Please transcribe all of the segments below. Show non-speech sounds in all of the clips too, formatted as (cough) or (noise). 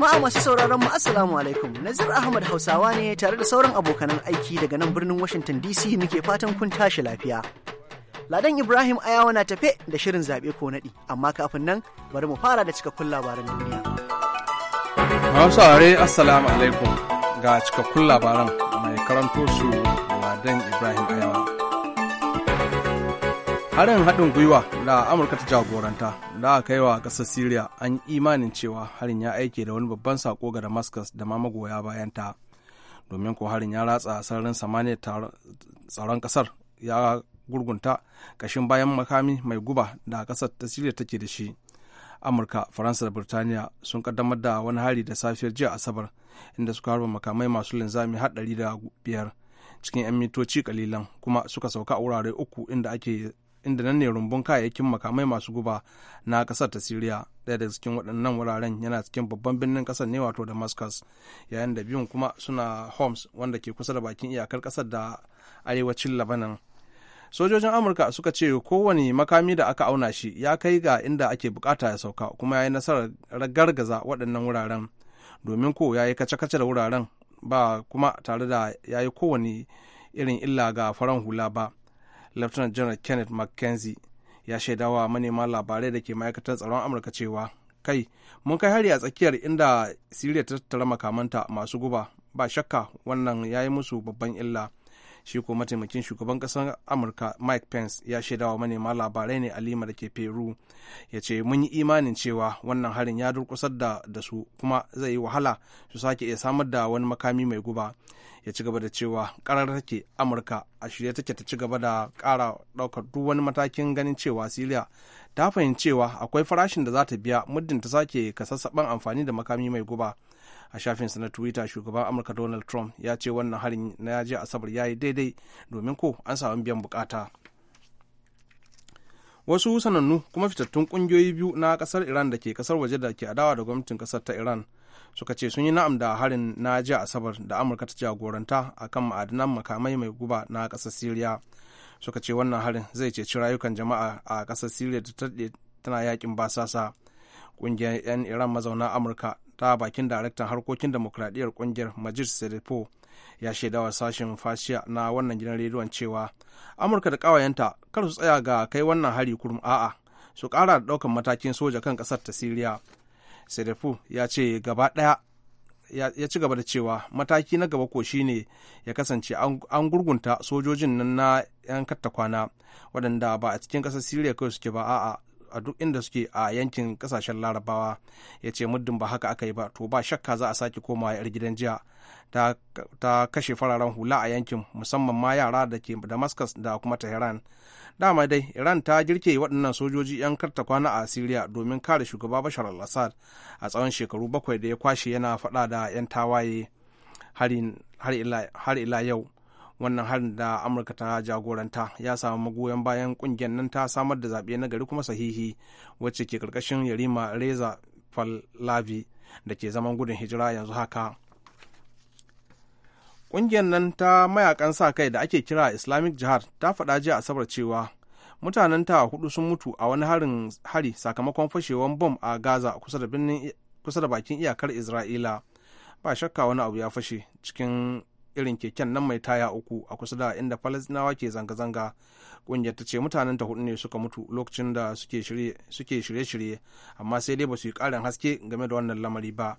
Jama'a masu sauraron mu Assalamu alaikum. Nazir Ahmad Hausawa ne tare da sauran abokanan aiki daga nan birnin Washington DC muke fatan kun tashi lafiya. Ladan Ibrahim Ayawa na tafe da shirin zaɓe ko naɗi, amma kafin nan bari mu fara da cikakkun labaran duniya. Masu Assalamu alaikum ga cikakkun labaran mai karanto su Ladan Ibrahim Ayawa. harin haɗin gwiwa da amurka ta jagoranta da aka kai wa ƙasar syria an imanin cewa harin ya aike da wani babban sako ga damascus da ma magoya bayanta domin ko harin ya ratsa sararin samaniya tsaron ƙasar ya gurgunta ƙashin bayan makami mai guba da ƙasar ta syria take da shi amurka faransa da birtaniya sun kaddamar da wani hari da safiyar jiya asabar inda suka harba makamai masu linzami har ɗari da biyar cikin 'yan mitoci kalilan kuma suka sauka a wurare uku inda ake inda nan ne rumbun kayayyakin makamai masu guba na kasar ta siriya ɗaya daga cikin waɗannan wuraren yana cikin babban birnin kasar ne wato damascus yayin da biyun kuma suna homs wanda ke kusa da bakin iyakar kasar da arewacin labanan sojojin amurka suka ce kowane makami da aka auna shi ya kai ga inda ake bukata ya sauka kuma ya yi nasarar gargaza waɗannan wuraren domin ko ya yi kace-kace da wuraren ba kuma tare da ya yi kowane irin illa ga faran hula ba lieutenant general kenneth mckenzie ya shaida wa manema labarai da ke ma'aikatar tsaron amurka cewa kai mun kai hari a tsakiyar inda siriya ta tattara makamanta masu guba ba shakka wannan ya yi musu babban illa shi ko mataimakin shugaban kasar amurka mike pence ya shaida wa manema labarai ne a da ke peru ya ce mun yi imanin cewa wannan harin ya durkusar da, da su kuma zai yi wahala su sake iya samar da wani makami mai guba ya ci gaba da cewa karar take amurka a shirye take ta ci gaba da kara daukar duk wani matakin ganin cewa siriya ta fahimcewa akwai farashin da za ta biya muddin ta sake kasassaban amfani da makami mai guba a shafinsa na twitter shugaban amurka donald trump ya ce wannan harin na yaji asabar ya yi daidai domin ko an samu biyan bukata wasu sanannu kuma fitattun kungiyoyi biyu na kasar iran da ke kasar waje da ke adawa da gwamnatin kasar ta iran suka ce sun yi na'am da harin na jiya asabar da amurka ta jagoranta a kan ma'adanan makamai mai guba na kasar siriya suka ce wannan harin zai ceci rayukan jama'a a kasar siriya da ta tana yakin basasa kungiyar 'yan iran mazauna amurka ta bakin daraktan harkokin demokradiyyar kungiyar majid siripo ya shaidawa sashen fashiya na wannan gidan rediyon cewa amurka da ƙawayenta kar su tsaya ga kai wannan hari kurum a'a su kara da daukan matakin soja kan kasar ta siriya siripo ya ce gaba daya ya ci gaba da cewa mataki na gaba ko shine ya kasance an gurgunta sojojin nan na 'yan katta kwana waɗanda ba a cikin ƙasar siriya kawai suke ba a'a a duk inda suke a yankin kasashen larabawa ya ce muddin ba haka aka yi ba to ba shakka za a sake koma yar gidan jiya ta kashe fararen hula a yankin musamman ma yara da ke damascus da kuma tehran dama dai iran ta girke waɗannan sojoji 'yan karta kwana a syria domin kare shugaba bashar al-assad a tsawon shekaru bakwai da ya kwashe yana faɗa da 'yan tawaye har ila yau wannan harin da amurka ta jagoranta ya samu magoyan bayan kungiyar nan ta samar da zaɓe na gari kuma sahihi wacce ke karkashin yarima reza falavi da ke zaman gudun hijira yanzu haka ƙungiyar nan ta mayakan sa kai da ake kira islamic jihar ta faɗa jiya asabar cewa mutanen ta hudu sun mutu a wani harin hari sakamakon fashewar bom a gaza kusa da bakin iyakar isra'ila ba shakka wani abu ya fashe cikin irin keken nan mai taya uku a kusa da inda falasinawa ke zanga-zanga ƙungiyar ta ce mutanen ta hudu ne suka mutu lokacin da suke shirye-shirye amma sai dai ba su yi karin haske game da wannan lamari ba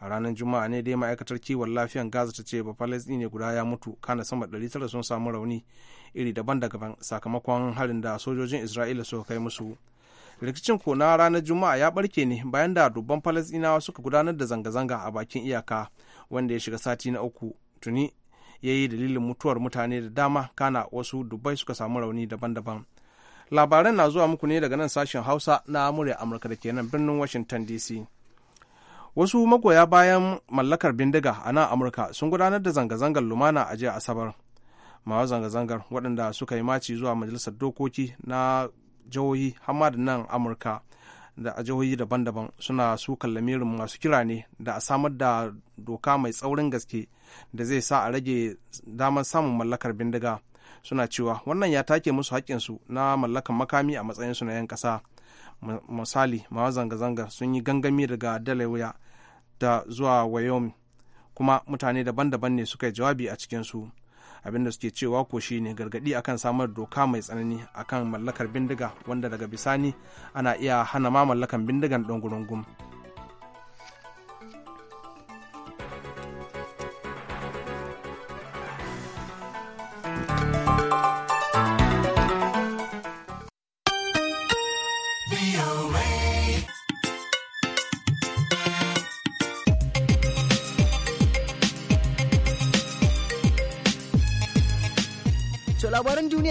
a ranar juma'a ne dai ma'aikatar kiwon lafiyan gaza ta ce ba ne guda ya mutu kana sama ɗari tara sun samu rauni iri daban daban sakamakon harin da sojojin isra'ila suka kai musu rikicin ko na ranar juma'a ya barke ne bayan da dubban falasɗinawa suka gudanar da zanga-zanga a bakin iyaka wanda ya shiga sati na uku tuni ya yi dalilin mutuwar mutane da dama kana wasu dubbai suka samu rauni daban-daban labaran na zuwa muku ne daga nan sashen hausa na murya amurka da ke nan birnin washington dc wasu magoya bayan mallakar bindiga a nan amurka sun gudanar da zanga-zangar lumana a jiya asabar mawa zanga-zangar waɗanda suka yi maci zuwa majalisar dokoki na jihohi hamma da nan amurka da a jihohi daban-daban suna sukan lamirin masu kira ne da a samar da doka mai tsaurin gaske da zai sa a rage damar samun mallakar bindiga suna cewa wannan ya take musu su na mallakar makami a matsayin su na 'yan ƙasa misali ma zanga-zanga sun yi gangami daga delaware da zuwa wyoming kuma mutane daban-daban ne suka yi jawabi a cikinsu abinda suke cewa ko shi ne gargadi akan samar doka mai tsanani akan mallakar bindiga wanda daga bisani ana iya hana ma mallakan bindigan gurungun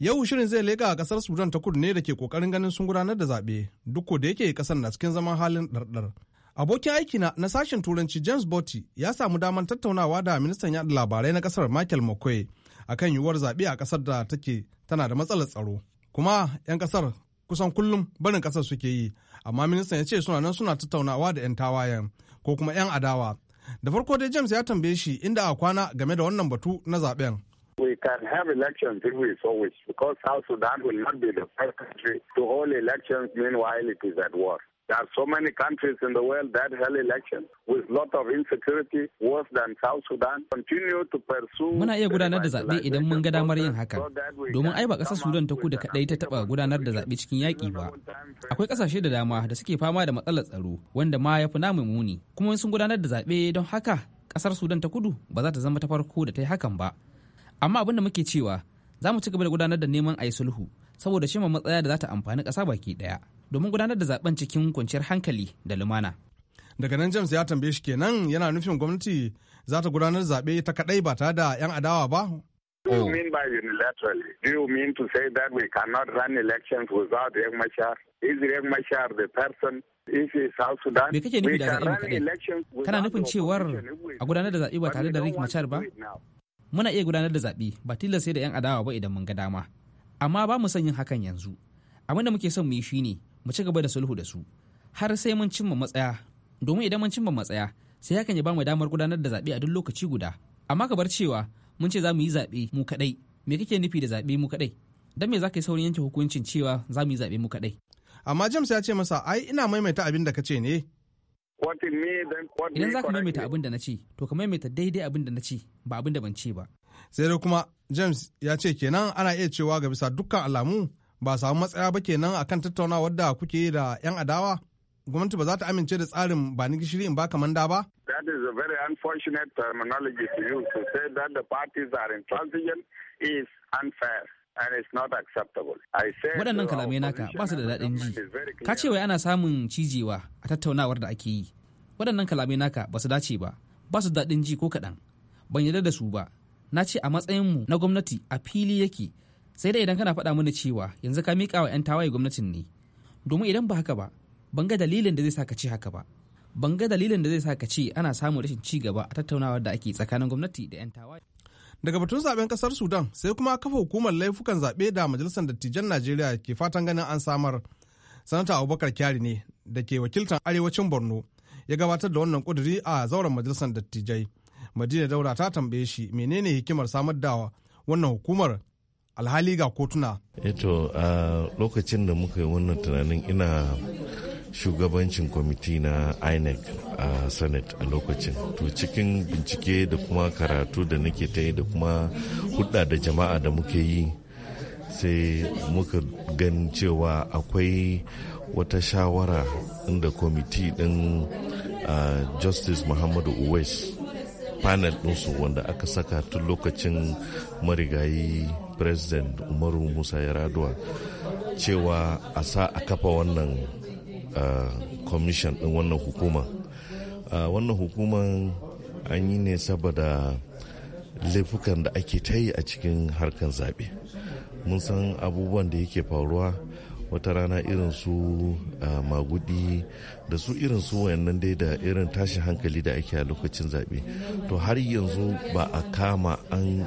Yau shirin zai leƙa a ƙasar Sudan ta kudu ne da ke ƙoƙarin ganin sun gudanar da zaɓe duk da yake ƙasar na cikin zaman halin ɗarɗar. Abokin aiki na na sashen Turanci James Botti ya samu damar tattaunawa da ministan yaɗa labarai na ƙasar Michael McCoy a kan yiwuwar zaɓe a ƙasar da take tana da matsalar tsaro. Kuma 'yan ƙasar kusan kullum barin ƙasar suke yi, amma ministan ya ce suna nan suna tattaunawa da 'yan tawayen ko kuma 'yan adawa. Da farko dai James ya tambaye shi inda a kwana game da wannan batu na zaɓen. we can have elections if we so wish, because South Sudan will not be the first country to hold elections meanwhile it is at war. There are so many countries in the world that held elections with lot of insecurity worse than South Sudan continue to pursue Muna iya gudanar da zaɓe idan mun ga damar yin haka. Domin ai ba ƙasar Sudan ta kudu kaɗai ta taɓa gudanar da zaɓe cikin yaƙi ba. Akwai ƙasashe da dama da suke fama da matsalar tsaro wanda ma ya fi namu muni. Kuma sun gudanar da zaɓe don haka ƙasar Sudan ta kudu ba za ta zama ta farko da ta yi hakan ba. amma abin da muke cewa za mu ci gaba da gudanar da neman a yi sulhu saboda shima matsaya da za ta amfani ƙasa baki ɗaya domin gudanar da zaben cikin kwanciyar hankali da lumana. Daga nan James ya tambaye shi kenan yana nufin gwamnati za ta gudanar zaɓe ta kaɗai ba tare da 'yan adawa ba? Do you mean by unilaterally? Do you mean to say that we cannot run elections without Riek Machar? Is Riek Machar the person? Is he South Sudan? Me kake nufi da zaɓe mu kaɗai? Kana nufin cewar a gudanar da zaɓe ba tare da Riek Machar ba? muna iya gudanar da zaɓe ba tilas sai da 'yan adawa ba idan mun ga dama amma ba mu son yin hakan yanzu abin da muke son mu yi shine mu ci gaba da sulhu da su har sai mun cimma matsaya domin idan mun cimma matsaya sai hakan ya ba mu damar gudanar da zaɓe a duk lokaci guda amma ka bar cewa mun ce za mu yi zaɓe mu kaɗai me kake nufi da zaɓe mu kaɗai dan me za ka yi saurin yanke hukuncin cewa za mu yi zaɓe mu kaɗai amma james ya ce masa ai ina maimaita abin da ka ce ne Idan za ku maimaita abin da na ce, to ka maimaita daidai abin da na ce, ba abin da ban ce ba. Sai dai kuma James ya ce kenan ana iya cewa ga bisa dukkan alamu ba samu matsaya ba kenan akan tattauna wadda kuke da 'yan adawa? Gwamnati ba za ta amince da tsarin ba ni gishiri in ba manda ba? That is a very unfortunate terminology to use to say that the parties are intransigent is unfair. Waɗannan kalamai naka ba su da daɗin ji. Ka ce wai ana samun cijewa a tattaunawar da ake yi. Waɗannan kalamai naka ba su dace ba, ba su daɗin ji ko kaɗan. Ban yarda da su ba. Na ce a matsayinmu na gwamnati a fili yake. Sai dai idan kana faɗa mana cewa yanzu ka miƙa wa 'yan tawaye gwamnatin ne. Domin idan ba haka ba, ban ga dalilin da zai sa ka ce haka ba. Ban ga dalilin da zai sa ka ce ana samun rashin ci gaba a tattaunawar da ake tsakanin gwamnati da 'yan tawaye. daga batun zaben kasar sudan sai kuma kafa hukumar laifukan zaɓe da majalisar dattijan najeriya ke fatan ganin an samar sanata abubakar kyari ne da ke wakiltar arewacin borno ya gabatar da wannan kuduri a zauren majalisar dattijai madina daura ta tambaye shi menene hikimar samar da wannan hukumar alhali ga kotuna eto eh a lokacin da muka yi wannan tunanin ina shugabancin kwamiti na inec a senate a lokacin to cikin bincike da kuma karatu da nake ta yi da kuma hudda da jama'a da muke yi sai muka gan cewa akwai wata shawara inda kwamiti din uh, justice muhammadu uwais panel ɗinsu wanda aka saka tun lokacin marigayi president umaru musa yaraduwa cewa a sa a kafa wannan commission din wannan hukuma wannan hukuman an yi ne saboda laifukan da ake ta yi a cikin harkar zaɓe mun san abubuwan da yake faruwa wata rana irin su magudi da su irin su wayannan dai da irin tashin hankali da ake a lokacin zaɓe to har yanzu ba a kama an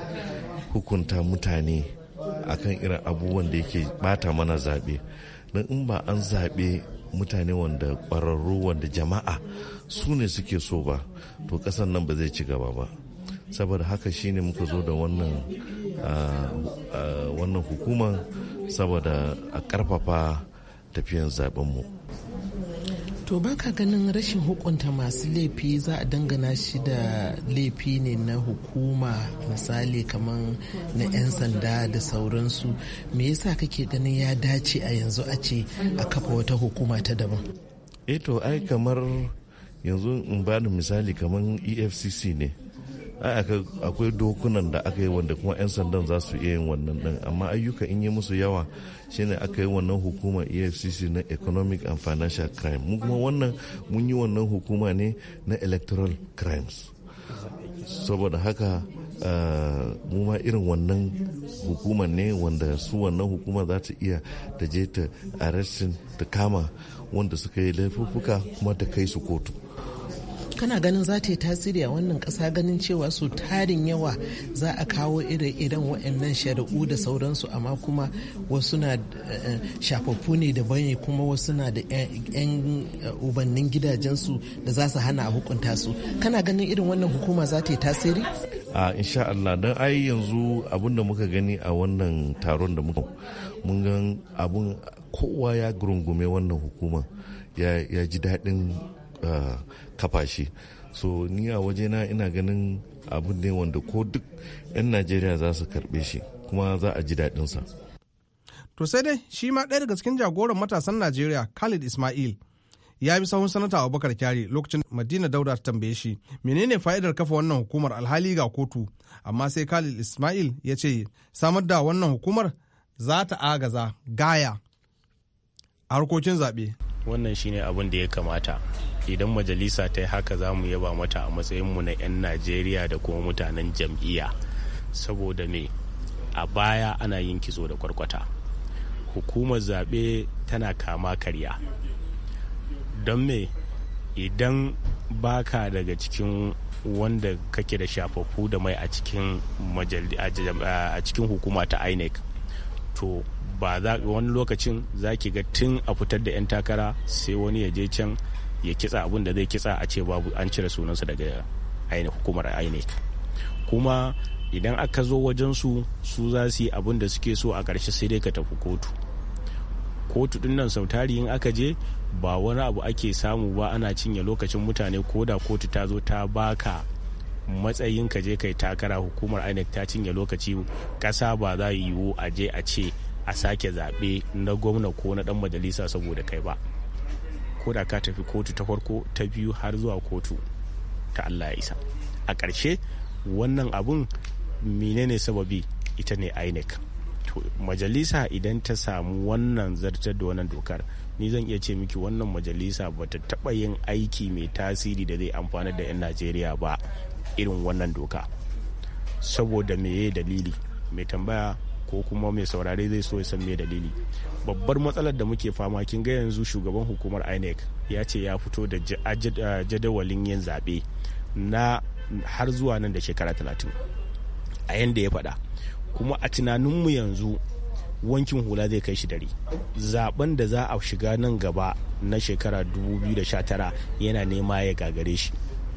hukunta mutane akan irin abubuwan da yake bata mana zaɓe don in ba an zaɓe mutane wanda kwararru wanda jama'a su ne suke so ba to kasan nan ba zai ci gaba ba saboda haka shine muka zo da wannan hukumar saboda a karfafa tafiyan mu. to baka ganin rashin hukunta masu laifi za a dangana shi da laifi ne na hukuma misali kamar na 'yan sanda da sauransu me yasa kake ganin ya dace a yanzu a ce a kafa wata hukuma ta daban eto eh ai kamar yanzu in ba misali kamar efcc ne akwai dokunan da aka yi wanda kuma 'yan sandan za su iya yin wannan din amma ayyuka in yi musu yawa shine aka yi wannan hukuma efcc na economic and financial crime mu kuma wannan mun yi wannan hukuma ne na electoral crimes saboda haka ah, mu ma irin wannan hukuma ne wanda su wannan hukuma za ta iya ta je ta arrestin ta kama wanda suka yi laifuffuka kuma ta kai su kotu kana ganin za ta yi tasiri a wannan kasa ganin cewa su tarin yawa za a kawo ire-iren waɗannan shari'u da sauransu amma kuma wasu na eh, shafaffu ne da bane kuma wasu na da 'yan eh, ubannin gidajensu da za su hana a hukunta su kana ganin irin wannan hukuma za ta yi tasiri a insha Allah don ai yanzu abin da muka gani a wannan taron da muka mun gan abun kowa ya gurungume wannan hukuma ya ji daɗin kafa shi so ni a wajena ina ganin abin ne wanda ko duk 'yan najeriya za su karbe shi kuma za a ji daɗinsa to sai dai shi ma ɗaya daga cikin jagoran matasan najeriya khalid ismail ya bi sahun sanata abubakar kyari lokacin madina dauda ta tambaye shi menene fa'idar kafa wannan hukumar alhali ga kotu amma sai khalid ismail ya ce samar da wannan hukumar za ta agaza gaya a harkokin zaɓe wannan shine abin da ya kamata idan majalisa ta yi haka za mu yaba mata a matsayinmu na 'yan najeriya da kuma mutanen jam'iyya saboda me a baya ana yin kitso da kwarkwata hukumar zaɓe tana kama karya don me idan baka daga cikin wanda kake da shafafu da mai a cikin a cikin hukuma ta inec to ba wani lokacin za ki ga tun a fitar da 'yan takara sai wani ya je can ya kitsa abin da zai kitsa a ce babu an cire sunansa daga hukumar inec kuma idan aka zo wajensu su za su yi abin da suke so a ƙarshe sai dai ka tafi kotu kotu din nan sau tari aka je ba wani abu ake samu ba ana cinye lokacin mutane ko da kotu ta zo ta baka matsayin ka je kai takara hukumar inec ta cinye lokaci ƙasa ba za yiwu a je a ce a sake zaɓe na gwamna ko na ɗan majalisa saboda kai ba ko da ka tafi kotu ta farko ta biyu har zuwa kotu ta allah ya isa a ƙarshe wannan abun menene sababi ita ne inec majalisa idan ta samu wannan zartar da wannan dokar ni zan iya ce miki wannan majalisa ba ta taɓa yin aiki mai tasiri da zai amfana da 'yan najeriya ba irin wannan doka saboda meye dalili mai tambaya ko kuma mai saurare zai so ya san me dalili babbar matsalar da muke fama kin ga yanzu shugaban hukumar inec ya ce ya fito da jadawalin yin zaɓe na har zuwa nan da shekara talatin a yanda ya faɗa kuma a tunaninmu yanzu wankin hula zai kai shi dare zaben da za a shiga nan gaba na shekara 2019 yana nema ya gagare shi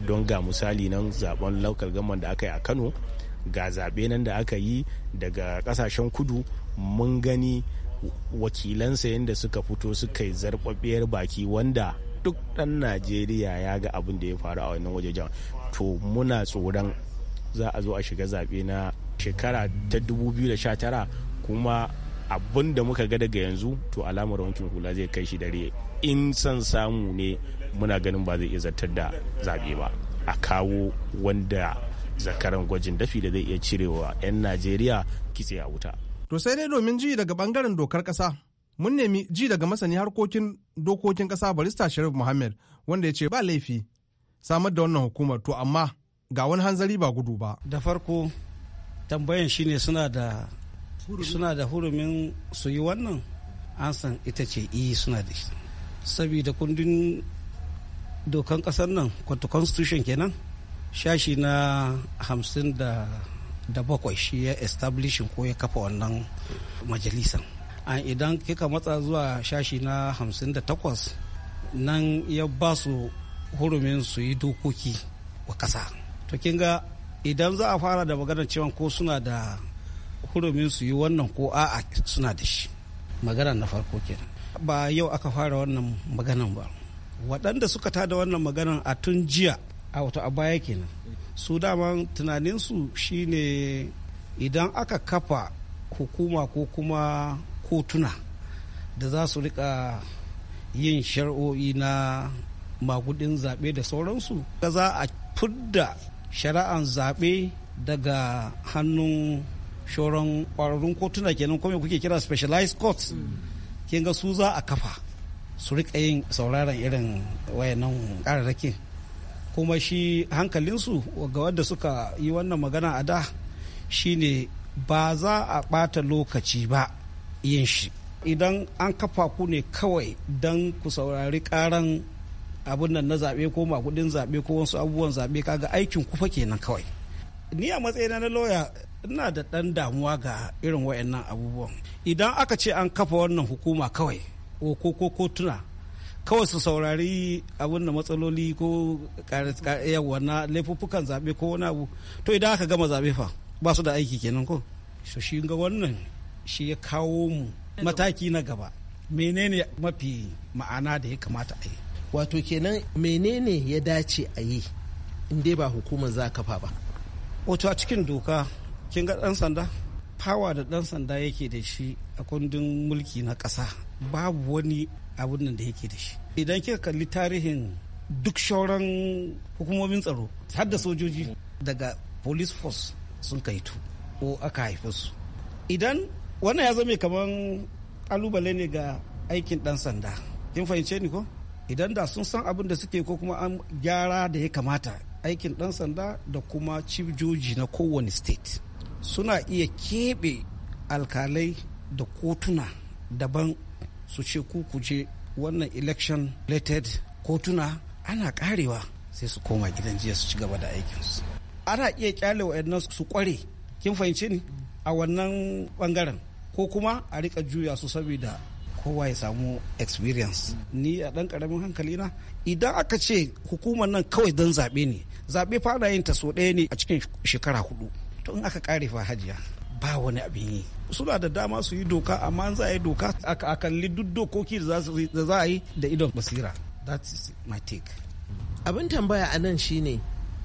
don ga misali nan zaben laukar gaman da aka yi a kano ga zaɓe nan da aka yi daga ƙasashen kudu mun gani wakilansa yadda suka fito suka yi zarɓaɓɓiyar baki wanda duk ɗan najeriya ya ga abin da ya faru a wannan waje wajejen to muna tsoron za a zo a shiga zaɓe na shekara ta 2019 kuma abin da muka ga daga yanzu to alamar wankin hula zai kai shi dare in san samu ne muna ganin ba zai iya zartar da zaɓe ba a kawo wanda zakaran gwajin dafi da zai iya cirewa 'yan najeriya kitse a wuta to sai dai domin ji daga bangaren dokar kasa mun nemi ji daga masani harkokin dokokin kasa barista sharif muhammad wanda ya ce ba laifi samar da wannan hukumar to amma ga wani hanzari ba gudu ba da farko tambayan shine suna suna da hurumin su yi wannan an san ita ce iya eh, suna da shi saboda kundin dokan kasar nan constitution kenan shashi na hamsin da da bakwai shi ya establishin ko ya kafa wannan majalisan an idan kika matsa zuwa shashi na hamsin da takwas nan ya ba su hurumin su yi dokoki wa kasa to kin ga idan za a fara da maganar cewa ko suna da hurumin su yi wannan ko a'a suna da shi magana na farko kenan ba yau aka fara wannan maganan ba waɗanda suka tada wannan maganan a tun jiya a wato a baya kenan su dama tunaninsu shine idan aka kafa hukuma ko kuma kotuna da za su rika yin shari'o'i na magudin zaɓe da sauransu ga za a fudda shari'an zaɓe daga hannun shoron ƙwararrun kotuna kenan kome kuke kira specialized courts mm. kinga su za a kafa su rika yin sauraron irin wayannan ƙararrakin kuma shi hankalinsu ga wadda suka yi wannan magana a da shine ba za a ɓata lokaci ba yin shi idan an kafa ku ne kawai don ku saurari karan abin nan na zaɓe ko makudin zaɓe ko wasu abubuwan zaɓe kaga aikin ku fa kenan kawai ni a matsayina na lauya ina da ɗan damuwa ga irin wayannan abubuwan idan aka ce an kafa wannan hukuma kawai ko ko kotuna kawai su saurari abin da matsaloli ko yawa na laifuffukan zaɓe ko wani abu to idan aka gama zaɓe fa ba su da aiki kenan ko so shi ga wannan shi ya kawo mu mataki na gaba menene mafi ma'ana da ya kamata a yi wato kenan menene ya dace a yi in dai ba hukumar za kafa ba wato a cikin doka kin ga dan sanda fawa da dan sanda yake da shi a kundin mulki na ƙasa babu wani Abin nan da yake da shi idan kika kalli tarihin duk shauran hukumomin tsaro har da sojoji daga police force sun kaitu ko aka haifi su idan wannan ya zama kamar kalubale ne ga aikin dan sanda kin fahimce ni ko idan da sun san abin da suke ko kuma an gyara da ya kamata aikin dan sanda da kuma chief joji na kowane state suna iya keɓe alkalai da kotuna daban su ce ku je wannan election related kotuna ana karewa sai su koma gidan jiya su ci gaba da aikinsu ana iya kyale wa'annan su kware kin fahimci ni a wannan bangaren ko kuma a rika juya su saboda kowa ya samu experience ni a dan karamin hankali na idan aka ce hukumar nan kawai don zaɓe ne zaɓe fara yin ta so ɗaya ne a cikin shekara hudu to in aka kare fa hajiya ba wani abin yi suna da dama su yi doka amma za a yi doka a kalli duk dokoki da za a yi da idon basira that is my take abin tambaya a nan shine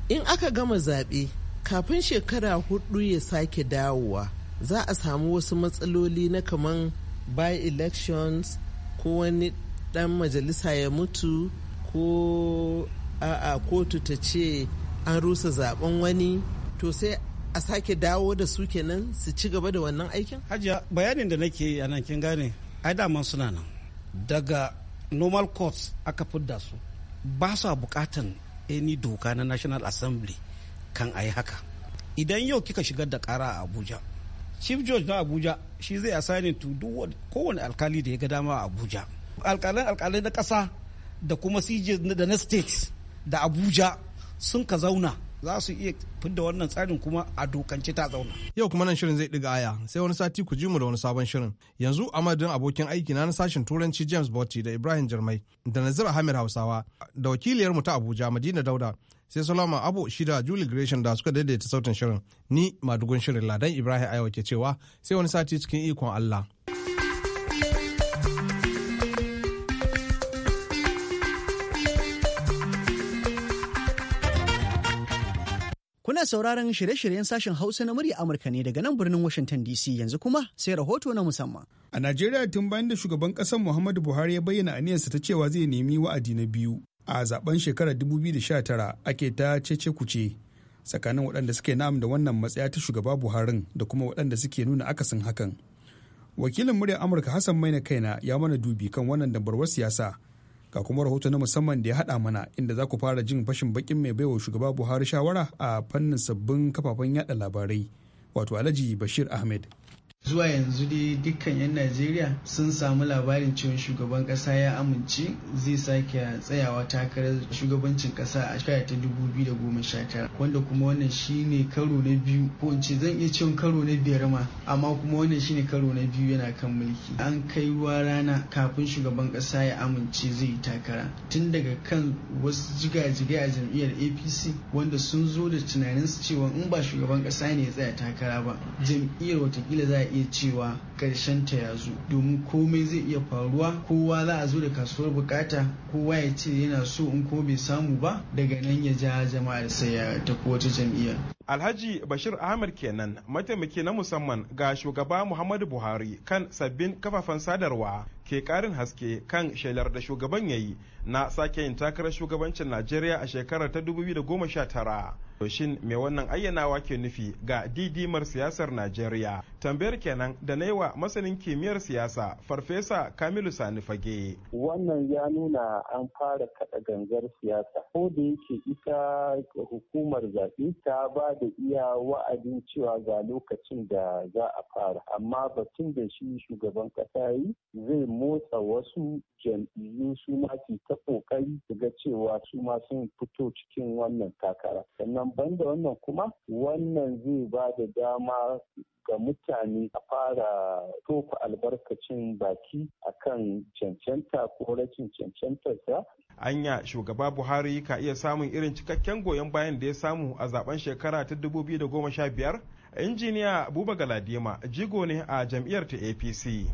in aka gama zaɓe kafin shekara hudu ya sake dawowa za a samu wasu matsaloli na kaman by elections ko wani dan majalisa ya mutu ko a kotu ta ce an rusa zaben wani to sai a sake dawo da su kenan su ci gaba da wannan aikin? Hajiya bayanin da nake a nan kin gane ai daman suna nan daga normal courts aka fidda su ba su a bukatan any doka na national assembly kan a yi haka idan yau kika shigar da kara a abuja chief judge na abuja shi zai assigning to what kowane alkali da ya ga dama a abuja alkalai alkalai na kasa da kuma cj da na state da abuja sun ka zauna za su iya fidda wannan tsarin kuma a dokance ta zauna. Yau kuma nan shirin zai ɗiga aya sai wani sati ku ji mu da wani sabon shirin. Yanzu a abokin aiki na sashen turanci James Botti da Ibrahim Jarmai da Nazir Ahmed Hausawa da wakiliyar mu ta Abuja Madina Dauda sai Salama Abu Shida Julie Gresham da suka daidaita sautin shirin. Ni madugun shirin Ladan Ibrahim Ayawa ke cewa sai wani sati cikin ikon Allah. Ana sauraron shirye-shiryen sashen Hausa na murya Amurka ne daga nan birnin Washington DC yanzu kuma sai rahoto na musamman. A Najeriya tun bayan da shugaban ƙasar Muhammadu Buhari ya bayyana aniyarsa ta cewa zai nemi wa'adi na biyu a zaben shekarar 2019 ake ta cece kuce tsakanin waɗanda suke na'am da wannan matsaya ta shugaba Buharin da kuma waɗanda suke nuna akasin hakan. Wakilin muryar Amurka Hassan Maina kaina ya mana dubi kan wannan dambarwar siyasa ga kuma rahoto na musamman da ya haɗa mana inda za ku fara jin fashin bakin mai baiwa shugaba buhari shawara a fannin sabbin kafafen yada labarai wato alhaji bashir ahmed zuwa yanzu dai dukkan 'yan najeriya sun samu labarin cewa shugaban kasa ya amince zai sake tsayawa takarar shugabancin kasa a shekara ta 2019 wanda kuma wannan shine karo na biyu ko in ce zan iya cewa karo na biyar ma amma kuma wannan shine karo na biyu yana kan mulki an kai wa rana kafin shugaban kasa ya amince zai yi takara tun daga kan wasu jigajigai a jam'iyyar apc wanda sun zo da tunanin su cewa in ba shugaban kasa ne ya tsaya takara ba jam'iyyar watakila za a iya cewa karshen ta ya zo domin komai zai iya faruwa kowa za a zo da kasuwar bukata kowa ya ce yana so in ko bai samu ba daga nan ya ja jama'ar sai ta tafi wata jam'iyyar Alhaji Bashir Ahmad kenan mataimaki na musamman ga shugaba Muhammadu Buhari kan sabbin kafafen sadarwa ke karin haske kan shelar da shugaban ya yi na sake yin takarar shugabancin najeriya a shekarar ta 2019 shin mai wannan ayyanawa ke nufi ga didimar siyasar najeriya tambayar kenan da na yi wa masanin kimiyyar siyasa farfesa kamilu sani fage wannan ya nuna an fara kada gangar siyasa ko da yake ita hukumar zaɓe ta ba da iya wa'adin cewa ga lokacin da za a fara amma batun da shi shugaban ƙasa yi zai motsa wasu jam'iyyu su ma su ta kokari su ga cewa su ma sun fito cikin wannan takara sannan banda wannan kuma wannan zai ba da dama ga mutane a fara tofa albarkacin baki akan cancanta ko rashin cancantarsa. Anya shugaba Buhari ka iya samun irin cikakken goyon bayan da ya samu a zaben shekara ta 2015? Injiniya Buba Galadima jigo ne a jam'iyyar ta APC.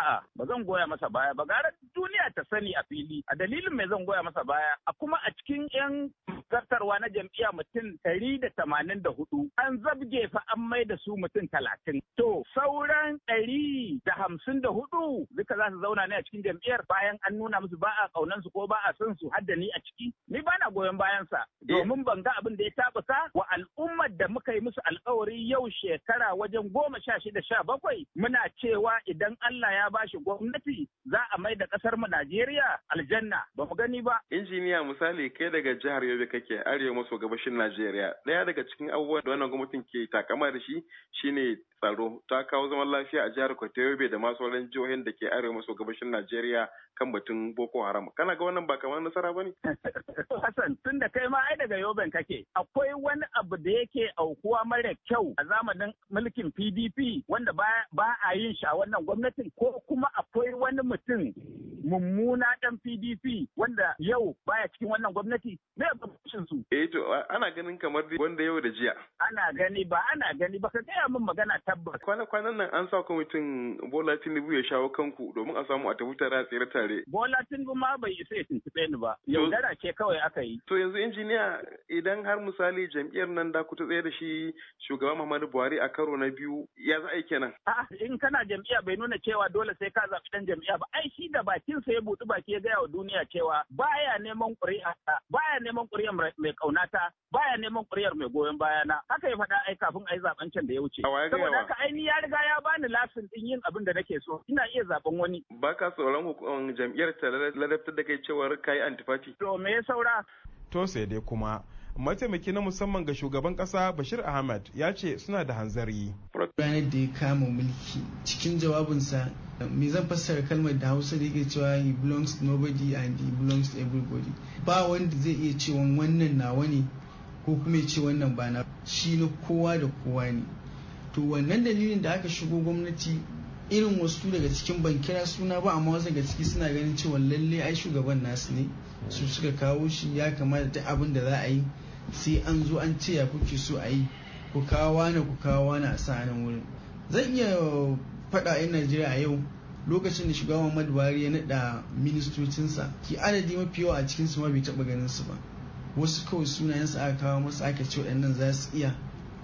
a'a ba zan goya masa baya ba gara duniya ta sani a fili a dalilin mai zan goya masa baya a kuma a cikin yan zartarwa na jam'iyya mutum ɗari da tamanin da hudu an zabge fa an mai da su mutum talatin to sauran ɗari da hamsin da hudu duka za su zauna ne a cikin jam'iyyar bayan an nuna musu ba a ƙaunan su ko ba a son su hadda ni a ciki ni ba na goyon bayansa eh. domin ban ga abin da ya sa. wa al'ummar da muka yi musu alkawari yau shekara wajen goma sha shida sha bakwai muna cewa idan Allah ya ya shi gwamnati za a mai da kasar mu Najeriya aljanna ba mu gani ba. Injiniya misali kai daga jihar Yobe kake arewa maso gabashin Najeriya. Ɗaya daga cikin abubuwan da wannan gwamnatin ke takama da shi shine tsaro ta kawo zaman lafiya a jihar Kwata Yobe da masu sauran jihohin da ke arewa maso gabashin Najeriya kan batun Boko Haram. Kana ga wannan ba kamar nasara ba ne? (laughs) Hassan tun da kai ma ai daga Yoben kake akwai wani abu da yake aukuwa mara kyau a zamanin mulkin PDP wanda ba a yin shi a wannan gwamnatin ko kuma akwai wani mutum mummuna ɗan PDP wanda yau baya cikin wannan gwamnati me bambancin su eh to ana ganin kamar wanda yau da jiya ana gani ba ana gani ba ka gaya min magana tabbas kwana kwanan nan an sa kwamitin Bola Tinubu ya shawo kanku domin a samu a tafi tare tsere tare Bola Tinubu ma bai isa ya tuntube ni ba dara ce kawai aka yi to yanzu injiniya idan har misali jam'iyyar nan da ku ta tsaye da shi shugaban Muhammadu Buhari a karo na biyu ya za a yi kenan a'a ah, in kana jam'iyya bai nuna cewa dole dole sai ka zaɓi ɗan jam'iyya ba ai shi da bakin sa ya buɗi baki ya gaya wa duniya cewa baya neman ƙuri'a baya neman ƙuri'ar mai ƙaunata baya neman ƙuri'ar mai goyon bayana haka ya faɗa ai kafin ai zaɓen can da ya wuce saboda haka ai ni ya riga ya bani lasin din yin abin da nake so ina iya zaɓen wani Ba baka tsoron jam'iyyar ta ladabtar da kai cewar kai antifati to me ya saura to sai dai kuma mataimaki na musamman ga shugaban kasa bashir ahmad ya ce suna da hanzari ranar da ya kama mulki cikin jawabinsa me zan fassara kalmar da hausa da yake cewa he belongs to nobody and he belongs to everybody ba wanda zai iya cewa wannan nawa ne ko kuma ya ce wannan ba na shi na kowa da kowa ne to wannan dalilin da aka shigo gwamnati irin wasu daga cikin ban kira suna ba amma wasu daga ciki suna ganin cewa lalle ai shugaban nasu ne su suka kawo shi ya kamata duk abin da za a yi sai an zo an ce ya kuke so a yi ku kawo wani ku kawo a sa nan wurin zan iya faɗa yin najeriya a yau lokacin da shugaban muhammadu buhari ya naɗa ministocinsa ki adadi mafi yawa a cikin su ma bai taɓa ganin su ba wasu kawai sunayensu aka kawo masu aka ce waɗannan za su iya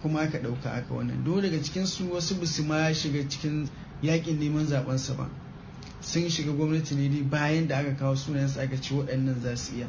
kuma aka ɗauka aka wannan don daga cikin su wasu bisu ma shiga cikin yakin neman zaɓensa ba sun shiga gwamnati ne dai bayan da aka kawo sunayensu aka ce waɗannan za su iya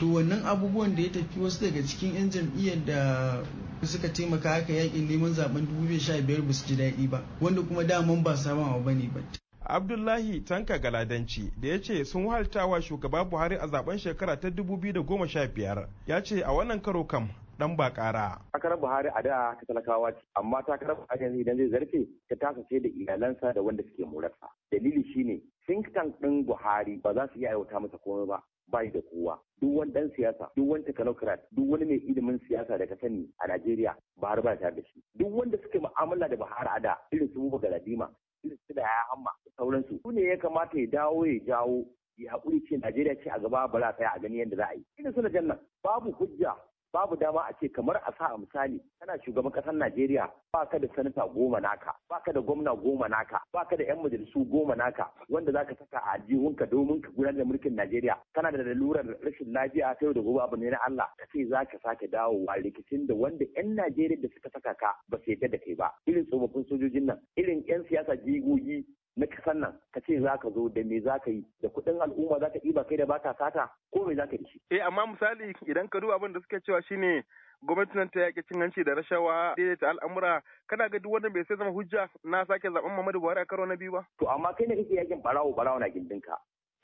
to wannan abubuwan da ya tafi wasu daga cikin 'yan jam'iyyar da suka taimaka haka yakin neman zaben 2015 ba su ji daɗi ba wanda kuma daman ba saman abu bane ba abdullahi tanka galadanci da ya ce sun haltawa shugaba buhari a zaben shekara ta 2015 ya ce a wannan karo kam dan kara. Takarar Buhari a da ta talakawa ce, amma takarar Buhari yanzu idan zai zarfe ta tasa ce da iyalansa da wanda suke morarsa. Dalili shine think tank ɗin Buhari ba za su iya aiwata masa komai ba. bai da kowa duk wani dan siyasa duk wani technocrat duk wani mai ilimin siyasa da ka sani a Najeriya ba har ba ta da shi duk wanda suke mu'amala da Buhari a da irin su Buba Galadima irin su da ya hamma sauransu su ne ya kamata ya dawo ya jawo ya haƙuri ce Najeriya ce a gaba ba za a tsaya a gani yadda za a yi. Ina na jannan babu hujja babu dama a ce kamar a sa a misali kana shugaban ƙasar Najeriya Ba ka da sanata goma naka Ba ka da gwamna goma naka Ba ka da yan majalisu goma naka wanda zaka saka a jihunka domin ka gudanar da mulkin Najeriya kana da lalurar rashin lafiya ta yau da gobe abu ne na Allah ka ce za ka sake dawowa rikicin da wanda yan Najeriya da suka saka ka ba su yarda da kai ba irin tsofaffin sojojin nan irin yan siyasa jigogi na kasan nan ka ce za ka zo da me za ka yi da kuɗin al'umma za ka ɗiba kai da ba ka sata ko me za ka yi. Eh amma misali idan ka duba abin da suke cewa shine gwamnatin ta yaƙi cin hanci da rashawa daidaita al'amura kana ga duk wanda bai sai zama hujja na sake zaben Muhammadu Buhari a karo na biyu ba. To amma kai ne kake yakin barawo barawo na gindinka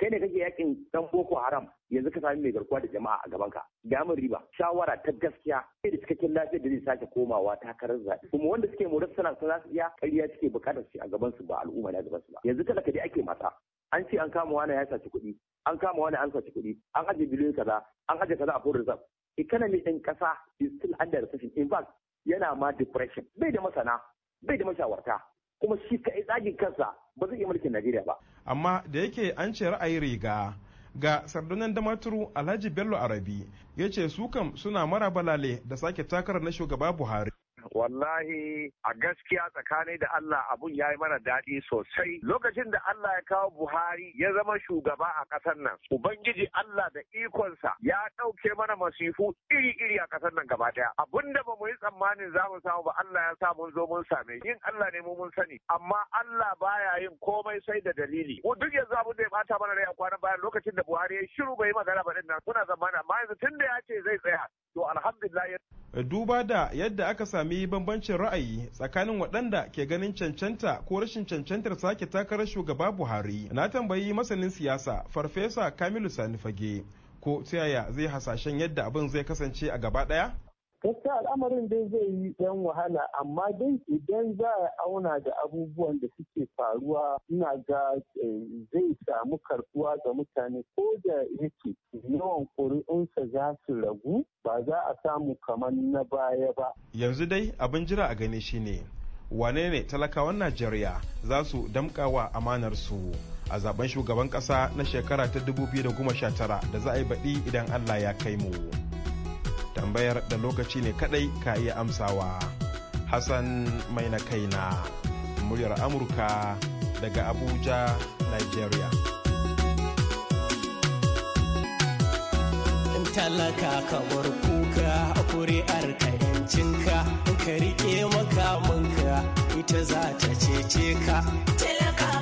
kai ne kake yakin dan boko haram yanzu ka sami mai garkuwa da jama'a a gaban ka damar riba shawara ta gaskiya sai da cikakken lafiya da zai sake komawa takarar zaɓe kuma wanda suke morar suna su iya ƙarya suke buƙatar su a gaban su ba al'umma ne a gaban su ba yanzu talaka da ake mata an ce an kama wani ya saci kuɗi an kama wani an saci kuɗi an ajiye biliyoyi kaza an ajiye kaza a foreign reserve economy ɗin ƙasa is still under recession in fact yana ma depression bai da masana bai da mashawarta kuma shi yi tsagin kansa ba zai iya mulkin Najeriya ba. Amma da yake an ce ra'ayi riga ga sardunan damaturu Alhaji Bello Arabi ya ce su kam suna mara balale da sake takarar na shugaba Buhari. wallahi a gaskiya tsakanin da Allah abun ya yi mana daɗi sosai lokacin da Allah ya kawo Buhari ya zama shugaba a ƙasar nan ubangiji Allah da ikonsa ya ɗauke mana masifu iri-iri a ƙasar nan gaba ɗaya abun da ba mu yi tsammanin za mu samu ba Allah ya sa mun zo mun same yin Allah ne mu mun sani amma Allah baya yin komai sai da dalili mu duk yanzu abun da ya bata mana rai a kwana bayan lokacin da Buhari ya shiru bai magana ba din nan suna zamana amma yanzu tun da ya ce zai tsaya to alhamdulillah duba da yadda aka sami sami bambancin ra'ayi tsakanin waɗanda ke ganin cancanta ko rashin cancantar sake takarar shugaba Buhari. Na tambayi masanin siyasa Farfesa Kamilu Sani Fage ko ta yaya zai hasashen yadda abin zai kasance a gaba ɗaya? gaskiya al'amarin dai zai yi ɗan wahala amma dai idan za a auna da abubuwan da suke faruwa ina ga eh, zai samu karbuwa ga mutane ko da yake yawan ƙuri'unsa za su ragu ba za a samu kamar na baya ba yanzu dai abin jira a gani shine wane ne talakawan najeriya za su damƙa wa amanar su a zaben shugaban ƙasa na shekara ta 2019 da za a yi baɗi idan allah ya kai mu. tambayar da lokaci ne kadai ka iya amsawa hassan mai na kai na muryar amurka daga abuja nigeria talaka ka bar kuka kuri'ar ka yancinka ka rike makamanka ita za ta cece ka talaka